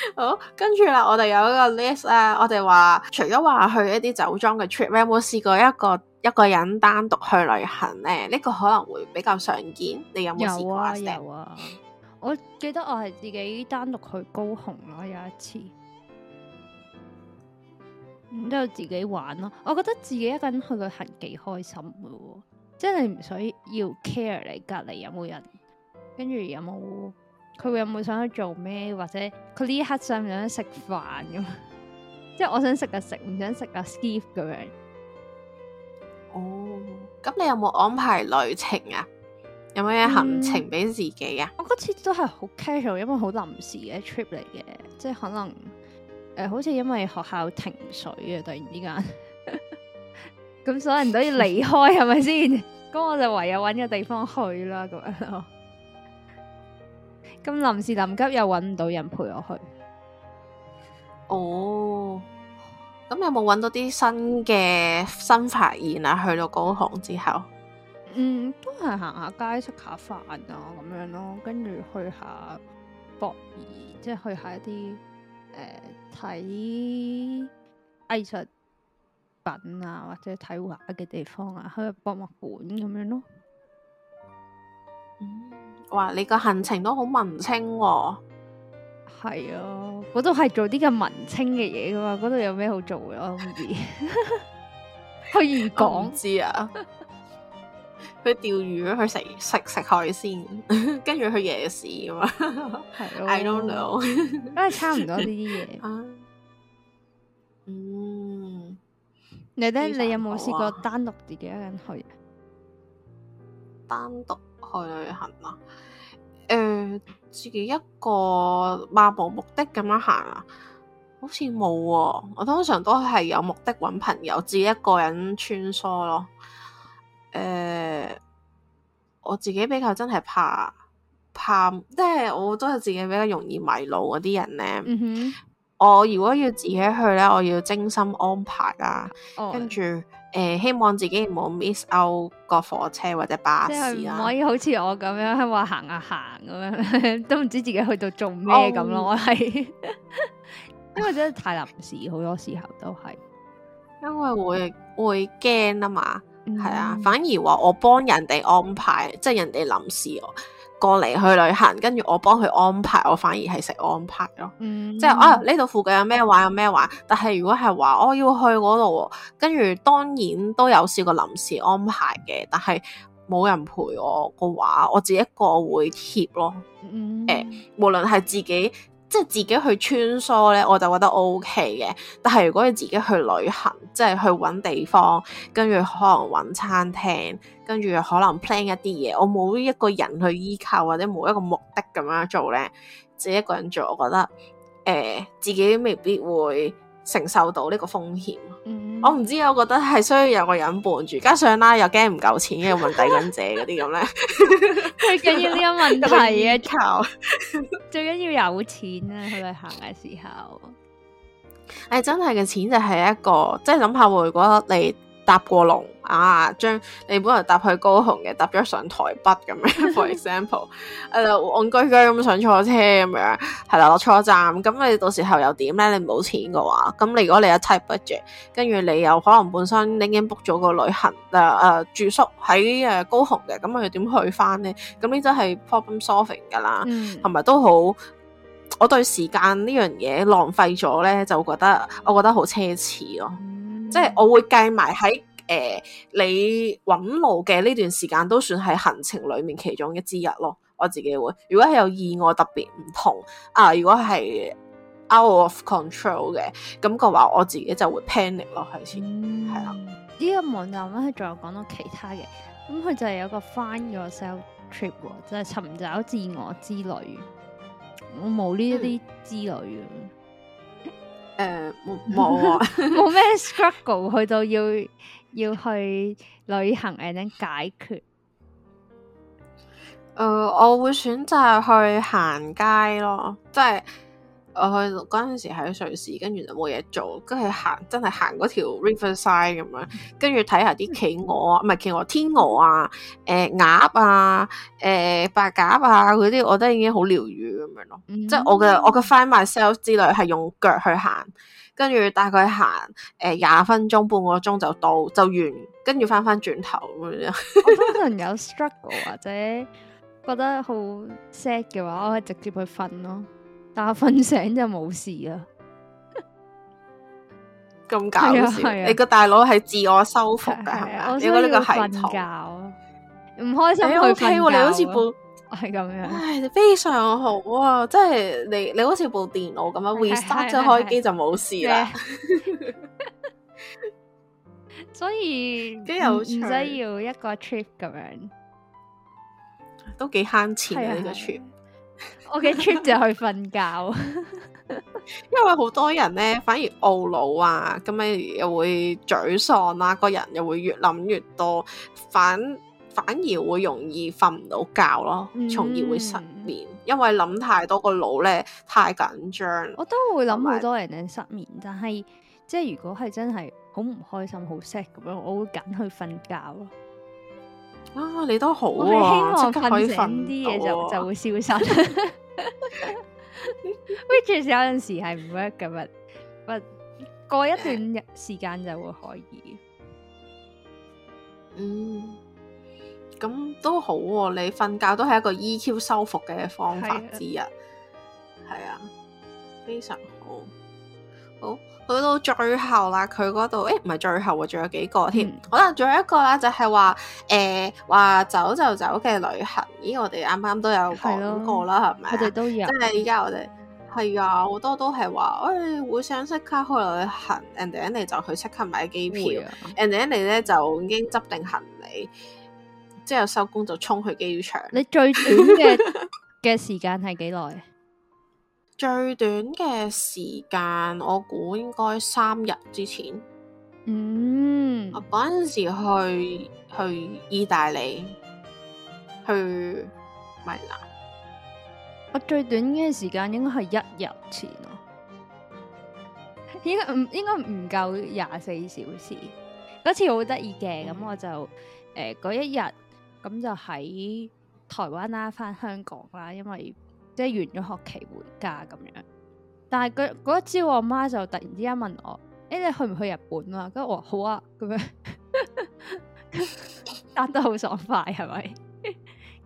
好，跟住啦，我哋有一個 list 啊，我哋話除咗話去一啲酒莊嘅 trip，你有冇試過一個一個人單獨去旅行咧？呢、這個可能會比較常見，你有冇試過有啊？有啊，我記得我係自己單獨去高雄啦、啊，有一次，然之後自己玩咯、啊。我覺得自己一個人去旅行幾開心噶、啊，即係你唔需要 care 你隔籬有冇人，跟住有冇。佢會有冇想去做咩，或者佢呢一刻想唔想食飯咁？ 即係我想食就食，唔想食就、啊、skip 咁樣。哦，咁你有冇安排旅程啊？有咩行程俾自己啊？嗯、我嗰次都係好 casual，因為好臨時嘅 trip 嚟嘅，即係可能誒、呃，好似因為學校停水啊，突然之間，咁 所有人都要離開，係咪先？咁 我就唯有揾個地方去啦，咁樣。 咁臨時臨急又搵唔到人陪我去。哦，咁有冇搵到啲新嘅新發現啊？去到高雄之後，嗯，都係行下街食下飯啊，咁樣咯，跟住去下博，即係去下一啲誒睇藝術品啊，或者睇畫嘅地方啊，去博物館咁樣咯。嗯.話你個行程都好文青喎。哦，係啊，嗰度係做啲嘅文青嘅嘢噶嘛，嗰度有咩好做嘅？我諗住去漁港知， 說知啊，去釣 魚去食食食海鮮，跟 住去夜市啊嘛，係 咯。啊、I don't know，因 為差唔多呢啲嘢嗯，你咧看，你，想你有冇試過單獨自己一個人去？啊、單獨。去旅行啊？誒、呃，自己一個漫無目的咁樣行啊？好似冇喎。我通常都係有目的揾朋友，自己一個人穿梭咯。誒、呃，我自己比較真係怕怕，即係、就是、我都係自己比較容易迷路嗰啲人呢。嗯、哼我如果要自己去呢，我要精心安排啊，跟住、oh.。誒、呃，希望自己唔好 miss out 個火車或者巴士啦，唔可以好似我咁樣，話行啊行咁樣， 都唔知自己去到做咩咁咯，我係，因為真係太臨時，好 多時候都係，因為會會驚啊嘛，係、mm. 啊，反而話我幫人哋安排，即係人哋臨時我。過嚟去旅行，跟住我幫佢安排，我反而係食安排咯，嗯、即係啊呢度附近有咩玩有咩玩。但係如果係話我要去嗰度，跟住當然都有試過臨時安排嘅，但係冇人陪我嘅話，我自己一個會貼咯，誒、嗯欸，無論係自己。即係自己去穿梭咧，我就覺得 OK 嘅。但係如果你自己去旅行，即係去揾地方，跟住可能揾餐廳，跟住可能 plan 一啲嘢，我冇一個人去依靠，或者冇一個目的咁樣做咧，自己一個人做，我覺得誒、呃，自己未必會承受到呢個風險，嗯、我唔知，我覺得係需要有個人伴住，加上啦、啊、又驚唔夠錢嘅問題跟住嗰啲咁咧， 最緊要呢個問題啊， 有有靠！ 最緊要有錢啊， 去旅行嘅時候，誒、哎、真係嘅錢就係一個，即係諗下回，如果你。搭過龍啊，將你本來搭去高雄嘅搭咗上台北咁樣，for example，誒戇居居咁上錯車咁樣，係啦，落錯站，咁你到時候又點咧？你冇錢嘅話，咁你如果你有 type budget，跟住你又可能本身你已經 book 咗個旅行誒誒、呃呃、住宿喺誒高雄嘅，咁我點去翻咧？咁呢真係 problem solving 噶啦，同埋、嗯、都好，我對時間呢樣嘢浪費咗咧，就覺得我覺得好奢侈咯、哦。嗯即係我會計埋喺誒你揾路嘅呢段時間都算係行程裏面其中一支一咯，我自己會。如果係有意外特別唔同啊，如果係 out of control 嘅咁嘅話，我自己就會 panic 咯開始。係啦、嗯，呢個網站咧係仲有講到其他嘅，咁佢就係有個 find yourself trip，就係尋找自我之旅。我冇呢一啲之旅。誒，冇冇、呃、啊， 冇咩 struggle 去到要要去旅行 and 解決。誒、呃，我會選擇去行街咯，即係。我去嗰陣時喺瑞士，跟住就冇嘢做，跟住行真係行嗰條 river side 咁樣，跟住睇下啲企鵝啊，唔係企鵝，天鵝啊，誒、呃、鴨啊，誒白鴿啊嗰啲，我都已經好療癒咁樣咯。Mm hmm. 即係我嘅我嘅 find myself 之類係用腳去行，跟住大概行誒廿分鐘半個鐘就到就完，跟住翻翻轉頭咁樣。我當能有 struggle 或者覺得好 sad 嘅話，我可以直接去瞓咯。但係瞓醒就冇事啊！咁搞笑，你個大佬係自我修復噶係嘛？應該呢個係瞓覺，唔開心去瞓覺。你好似部係咁樣，唉，非常好啊！即係你，你好似部電腦咁樣，restart 咗開機就冇事啦。所以又唔使要一個 trip 咁樣，都幾慳錢啊呢個 trip。我嘅 trip 就去瞓覺， 因為好多人咧反而懊惱啊，咁樣，又會沮喪啊。個人又會越諗越多，反反而會容易瞓唔到覺咯，從而會失眠，嗯、因為諗太多個腦咧太緊張。我都會諗好多人咧失眠，有但係即係如果係真係好唔開心、好 sad 咁樣，我會揀去瞓覺。啊，你都好啊！我係希望瞓啲嘢就、啊、就會消失。 Which is 有陣時係唔 work 㗎嘛？不過一段過時間就會可以。嗯，咁都好喎、啊，你瞓覺都係一個 EQ 修復嘅方法之一。係啊，啊，非常好，好。去到最後啦，佢嗰度誒，唔、欸、係最後啊，仲有幾個添。好、嗯、可能仲有一個啦，就係話誒話走就走嘅旅行。咦，我哋啱啱都有講過啦，係咪、啊？我哋都有。真係而家我哋係啊，好多都係話誒，會、欸、想即刻去旅行，人哋一嚟就去即刻買機票，人哋一嚟咧就已經執定行李，之後收工就衝去機場。你最短嘅嘅 時間係幾耐？最短嘅時間，我估應該三日之前。嗯，我嗰陣時去去意大利，去米蘭。我最短嘅時間應該係一日前咯，應該唔應該唔夠廿四小時。嗰次好得意嘅，咁我就誒嗰一日咁就喺台灣啦，翻香港啦，因為。即係完咗學期回家咁樣，但係佢嗰一朝，我媽就突然之間問我，誒、欸，你去唔去日本啊？跟住我話好啊，咁樣答 得好爽快係咪？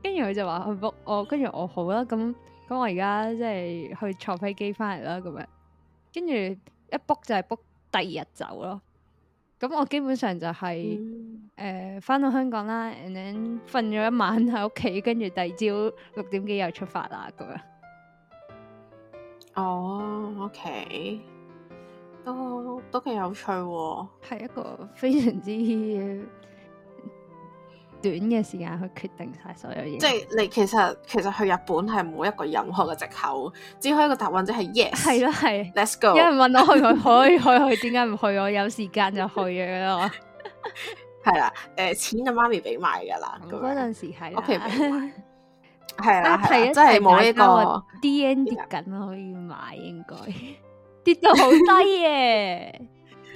跟住佢就話去 book 我，跟住我好啦，咁咁我而家即係去坐飛機翻嚟啦，咁樣跟住一 book 就係 book 第二日走咯。咁我基本上就係誒返到香港啦，and then 瞓咗一晚喺屋企，跟住第二朝六點幾又出發啦，咁樣。哦、oh，OK，都都幾有趣喎，哦，係一個非常之 短嘅時間去決定晒所有嘢，即係你其實其實去日本係冇一個任何嘅藉口，只可以一個答案即係、就是、yes。係咯係，let's go。有人問我去唔去，去去去，點解唔去？我有時間就去嘅啊！係啦，誒、 呃、錢就媽咪俾買㗎啦。嗰陣時係啦，係啦係，真係冇呢個 D N 跌緊可以買，應該跌到好低嘅，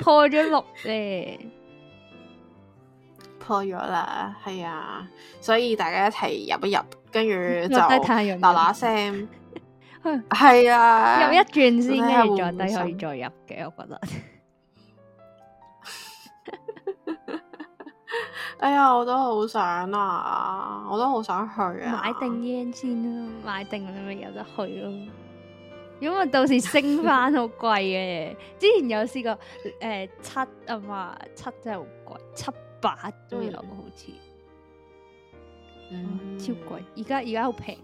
破咗六咧。破咗啦，係啊，所以大家一齊入一入，跟住就低嗱嗱聲，係啊，入一轉先，跟住再低可以再入嘅，我覺得。 哎呀，我都好想啊，我都好想去啊！買定 y e 先啦、啊，買定你咪有得去咯、啊。如果我到時升翻好貴嘅，之前有試過誒、呃、七啊嘛，七真係好貴七。八都有，好似超貴。而家而家好平，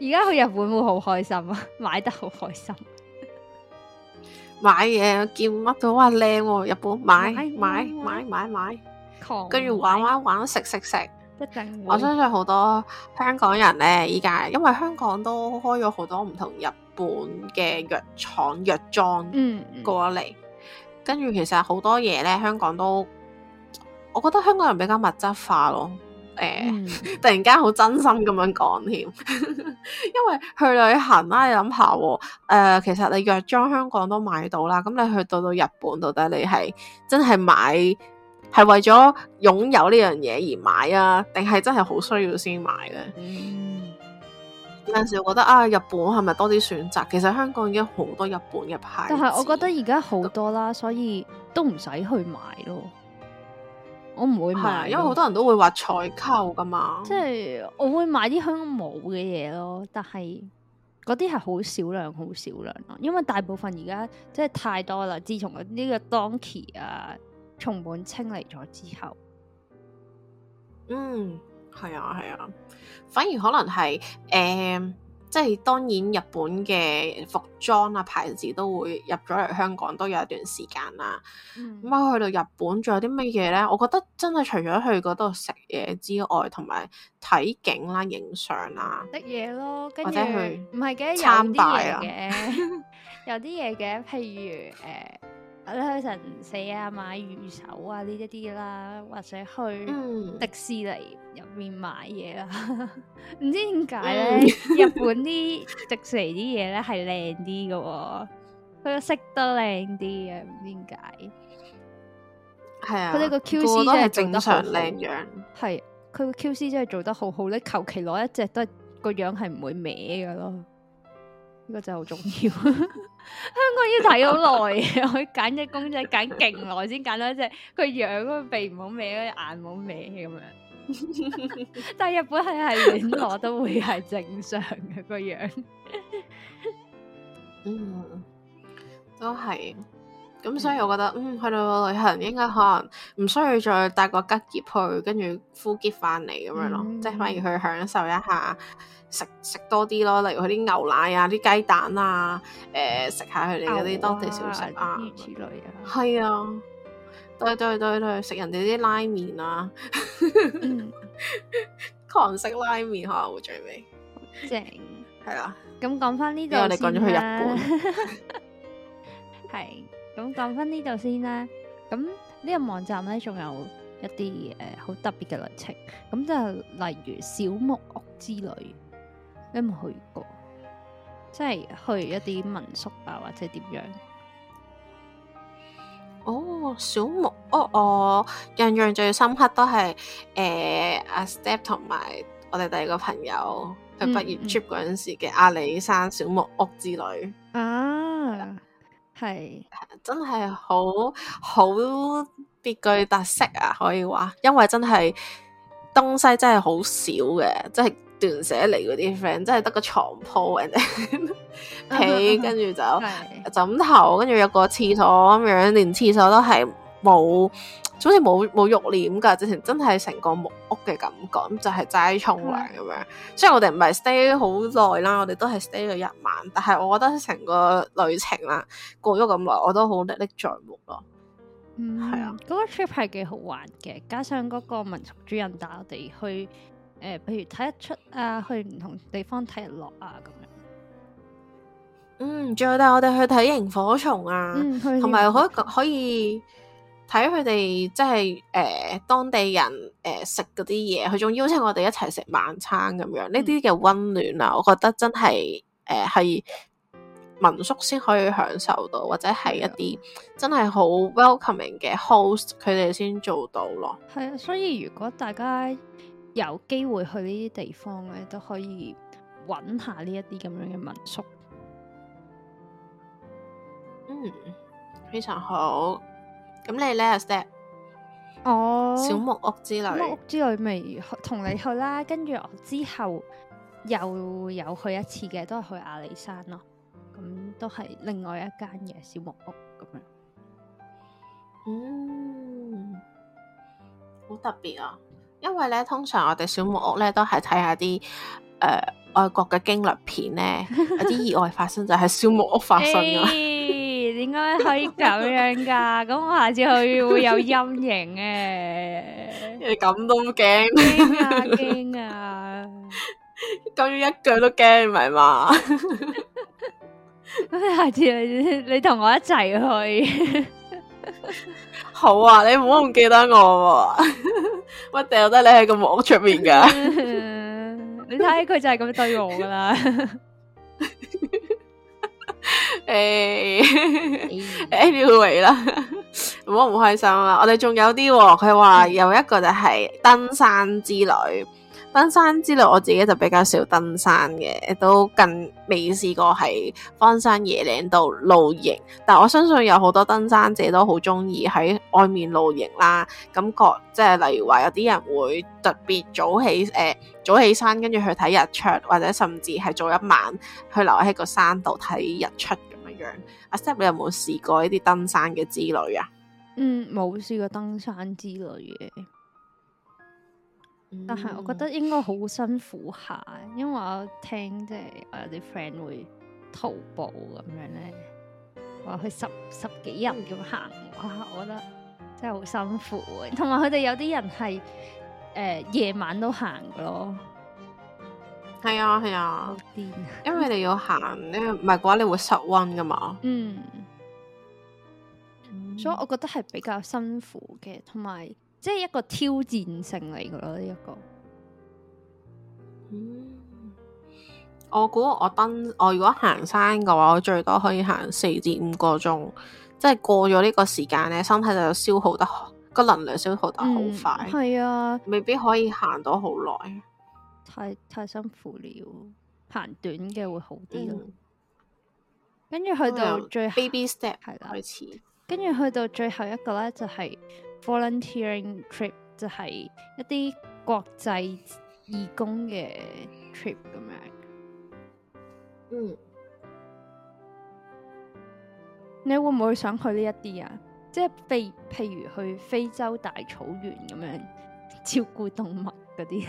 而家去日本會好開心啊！買得好開心，買嘢見乜都哇靚喎！日本買買買買買，跟住玩玩玩，食食食，一定。我相信好多香港人咧，依家因為香港都開咗好多唔同日本嘅藥廠、藥莊，嗯，過嚟。跟住，其實好多嘢咧，香港都，我覺得香港人比較物質化咯。誒、呃，mm. 突然間好真心咁樣講添， 因為去旅行啦、啊，你諗下、啊，誒、呃，其實你藥妝香港都買到啦，咁你去到到日本，到底你係真係買，係為咗擁有呢樣嘢而買啊？定係真係好需要先買嘅？Mm. 有陣時我覺得啊，日本係咪多啲選擇？其實香港已經好多日本嘅牌子，但係我覺得而家好多啦，所以都唔使去買咯。我唔會買，因為好多人都會話採購噶嘛。即係我會買啲香港冇嘅嘢咯，但係嗰啲係好少量，好少量，啊。因為大部分而家即係太多啦。自從呢個 Donkey 啊，松本清嚟咗之後，嗯。係啊係啊，反而可能係誒、呃，即係當然日本嘅服裝啊牌子都會入咗嚟香港都有一段時間啦。咁啊、嗯、去到日本仲有啲乜嘢咧？我覺得真係除咗去嗰度食嘢之外，同埋睇景啦、影相啦、食嘢咯，跟住，去唔係嘅有啲嘢嘅，有啲嘢嘅，譬如誒。呃咧去神社啊，買魚手啊呢一啲啦，或者去迪士尼入面買嘢啦。唔、嗯、 知點解咧，嗯、 日本啲迪士尼啲嘢咧係靚啲嘅，佢、哦、都識得靚啲嘅，唔知點解。係啊，佢哋個，個 Q C 真係做得好靚樣。係，佢個 Q C 真係做得好好咧，求其攞一隻都係個樣係唔會歪嘅咯。呢個就好重要， 香港要睇好耐嘅， 我揀隻公仔揀勁耐先揀到一隻，佢樣個鼻唔好歪，眼冇歪咁樣。 但係日本係係亂我都會係正常嘅個樣， 嗯，都係。咁所以，我覺得 嗯，去到旅行應該可能唔需要再帶個吉傑去，跟住呼傑翻嚟咁樣咯，即係反而去享受一下食食多啲咯。例如去啲牛奶啊、啲雞蛋啊，誒、呃、食下佢哋嗰啲當地小食啊，係、哦、啊，啊啊對對對對，食人哋啲拉麵啊， 嗯、狂食拉麵可能會最味正。係啊了，咁講翻呢我哋度先啦。係。 咁講翻呢度先啦。咁呢個網站咧仲有一啲誒好特別嘅旅程，咁就例如小木屋之旅，你有冇去過？即係去一啲民宿啊，或者點樣？哦，小木屋，我印象最深刻都係誒阿 Step 同埋我哋第二個朋友去畢業 trip 嗰陣時嘅阿里山小木屋之旅啊！係是真係好好別具特色啊，可以話，因為真係東西真係好少嘅，即係斷捨離嗰啲 friend，真係得個床鋪 and 被，跟住 皮 就枕頭，跟住 是有個廁所咁樣，連廁所都係冇。好似冇冇浴簾噶，之前真係成個木屋嘅感覺，咁就係齋沖涼咁樣。的雖然我哋唔係 stay 好耐啦，我哋都係 stay 咗一晚，但係我覺得成個旅程啦，過咗咁耐，我都好歷歷在目咯。嗯，係啊的，嗰個 trip 係幾好玩嘅，加上嗰個民宿主人帶我哋去，誒、呃，譬如睇日出啊，去唔同地方睇日落啊，咁樣。嗯，仲有帶我哋去睇螢火蟲啊，同埋可可以。可以睇佢哋即係誒、呃、當地人誒食嗰啲嘢，佢、呃、仲邀請我哋一齊食晚餐咁樣，呢啲嘅溫暖啊，我覺得真係誒係民宿先可以享受到，或者係一啲真係好 welcoming 嘅 host，佢哋先做到咯。係啊，所以如果大家有機會去呢啲地方咧，都可以揾下呢一啲咁樣嘅民宿。嗯，非常好。咁你 last day，oh，小木屋之旅，木屋之旅咪同你去啦。跟住我之後又有去一次嘅，都係去阿里山咯。咁、嗯、都係另外一間嘅小木屋咁樣。嗯，好特別啊！因為咧，通常我哋小木屋咧都係睇下啲誒、呃、外國嘅驚悚片咧， 有啲意外發生就喺、是、小木屋發生噶點解可以咁樣噶、啊？咁我下次去會，會有陰影嘅，你咁都驚驚啊驚啊！咁樣一句都驚，唔係嘛？咁下次你同我一齊去 ，好啊！你唔好唔記得我、啊， 我掉得你喺個木屋出面噶 你睇佢就係咁對我噶啦。誒 Hey.，anyway 啦， 唔好唔開心啦。我哋仲有啲，佢話有一個就係登山之旅。登山之旅我自己就比較少登山嘅，都更未試過喺荒山野嶺度露營。但我相信有好多登山者都好中意喺外面露營啦。感覺即係、就是、例如話有啲人會特別早起，誒、欸，早起身跟住去睇日出，或者甚至係早一晚去留喺個山度睇日出。阿 Sam 你有冇試過呢啲登山嘅之旅啊？嗯，冇試過登山之旅嘅。嗯、但係我覺得應該好辛苦下，因為我聽即係、就是、我有啲 friend 會徒步咁樣咧，話去十十幾日咁行。哇，我覺得真係好辛苦，同埋佢哋有啲人係誒、呃、夜晚都行㗎咯。係啊，係啊，啊因為你要行咧，唔係嘅話你會失溫噶嘛。嗯，所以我覺得係比較辛苦嘅，同埋即係一個挑戰性嚟噶咯呢一個。嗯、我估我登我如果行山嘅話，我最多可以行四至五個鐘，即係過咗呢個時間咧，身體就消耗得個能量消耗得好快，係、嗯、啊，未必可以行到好耐。太太辛苦了，行短嘅會好啲咯。跟住，嗯、去到最後 baby step 係啦的，開始。跟住去到最後一個咧，就係、是、volunteering trip，就係一啲國際義工嘅 trip 咁樣。嗯，你會唔會想去呢一啲啊？即係非譬如，去非洲大草原咁樣照顧動物嗰啲。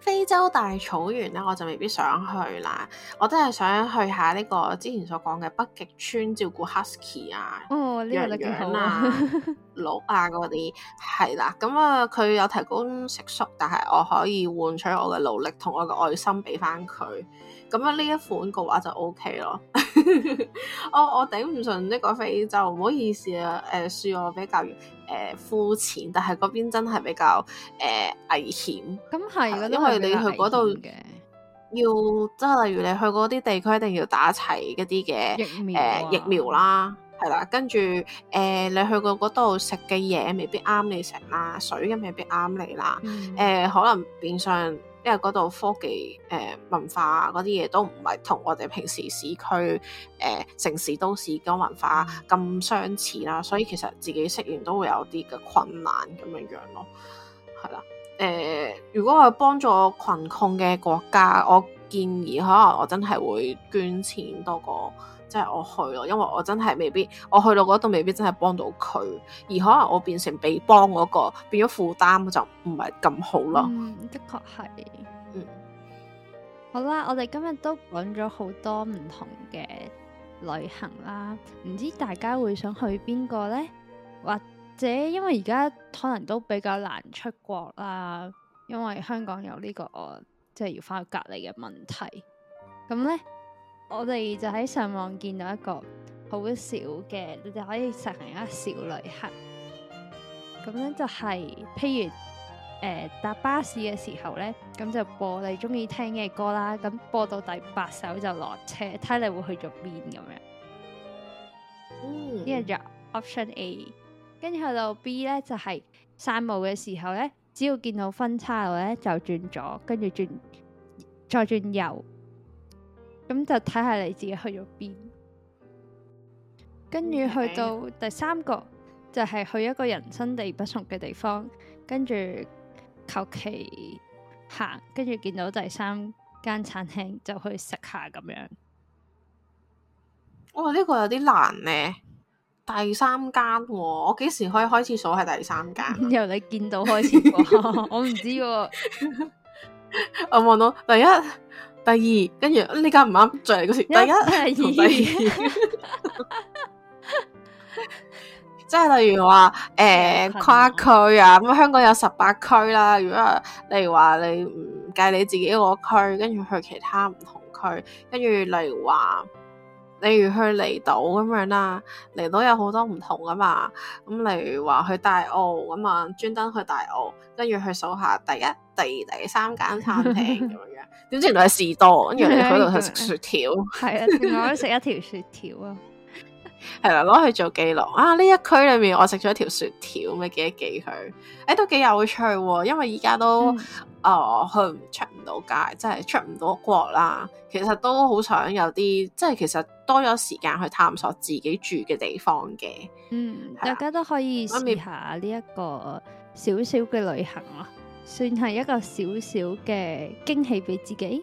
非洲大草原咧，我就未必想去啦。我真係想去下呢個之前所講嘅北極村照顧 husky 啊，哦，呢樣好啊， 鹿啊嗰啲係啦。咁、嗯、啊，佢有提供食宿，但係我可以換取我嘅努力同我嘅愛心俾翻佢。咁樣呢一款個話就 O、OK、K 咯、 哦，我我頂唔順呢個非洲，唔好意思啊，誒、呃，恕我比較誒、呃、膚淺，但係嗰邊真係比較誒、呃、危險。咁係、嗯，因為你去嗰度要，即係例如你去嗰啲地區，一定要打齊嗰啲嘅誒疫苗啦，係啦，跟住誒、呃、你去過嗰度食嘅嘢未必啱你食啦，水咁未必啱你啦，誒、嗯呃、可能變相。因為嗰度科技、誒、呃、文化嗰啲嘢都唔係同我哋平時市區、誒、呃、城市都市嘅文化咁相似啦，所以其實自己適應都會有啲嘅困難咁樣樣咯，係啦。誒、呃，如果我幫助貧窮嘅國家，我建議可能我真係會捐錢多過，即係我去咯，因為我真係未必，我去到嗰度未必真係幫到佢，而可能我變成被幫嗰、那個變咗負擔，就唔係咁好咯。的確係，嗯，嗯，好啦，我哋今日都揾咗好多唔同嘅旅行啦，唔知大家會想去邊個呢？或者因為而家可能都比較難出國啦，因為香港有呢、這個即係、就是、要翻去隔離嘅問題，咁呢。我哋就喺上網見到一個好少嘅，你哋可以實行一個小旅行。咁咧就係、是、譬如誒、呃、搭巴士嘅時候咧，咁就播你中意聽嘅歌啦。咁播到第八首就落車，睇你會去咗邊咁樣。嗯，呢個就 Option A。跟住去到 B 咧就係、是、散步嘅時候咧，只要見到分叉路咧就轉左，跟住轉再轉右。咁就睇下你自己去咗邊，跟住去到第三個 Okay. 就係去一個人生地不熟嘅地方，跟住求其行，跟住見到第三間餐廳就去食下咁樣。哇！呢、呢個有啲難呢。第三間喎、哦，我幾時可以開始數係第三間？ 由你見到開始喎、哦， 我唔知喎、哦。 我望到，第一。第二，跟住呢家唔啱，再嚟嗰時，第一同第二，第二 即係例如話誒跨區啊，咁香港有十八區啦。如果例如話你唔計你自己個區，跟住去其他唔同區，跟住例如話。例如去離島咁樣啦，離島有好多唔同㗎嘛，咁例如話去大澳咁啊，專登去大澳，跟住去數下第一、第二、第三間餐廳咁 樣，點知原來係士多，跟住喺度食雪條，係 啊，我食一條雪條啊。 係啦，攞去做記錄啊！呢一區裏面我條條，我食咗條雪條，咪記得記佢，誒，都幾有趣，因為依家都誒、嗯呃、去出唔到街，即係出唔到國啦。其實都好想有啲，即係其實多咗時間去探索自己住嘅地方嘅。嗯，的大家都可以試下呢、啊嗯、一個小小嘅旅行咯，算係一個小小嘅驚喜俾自己。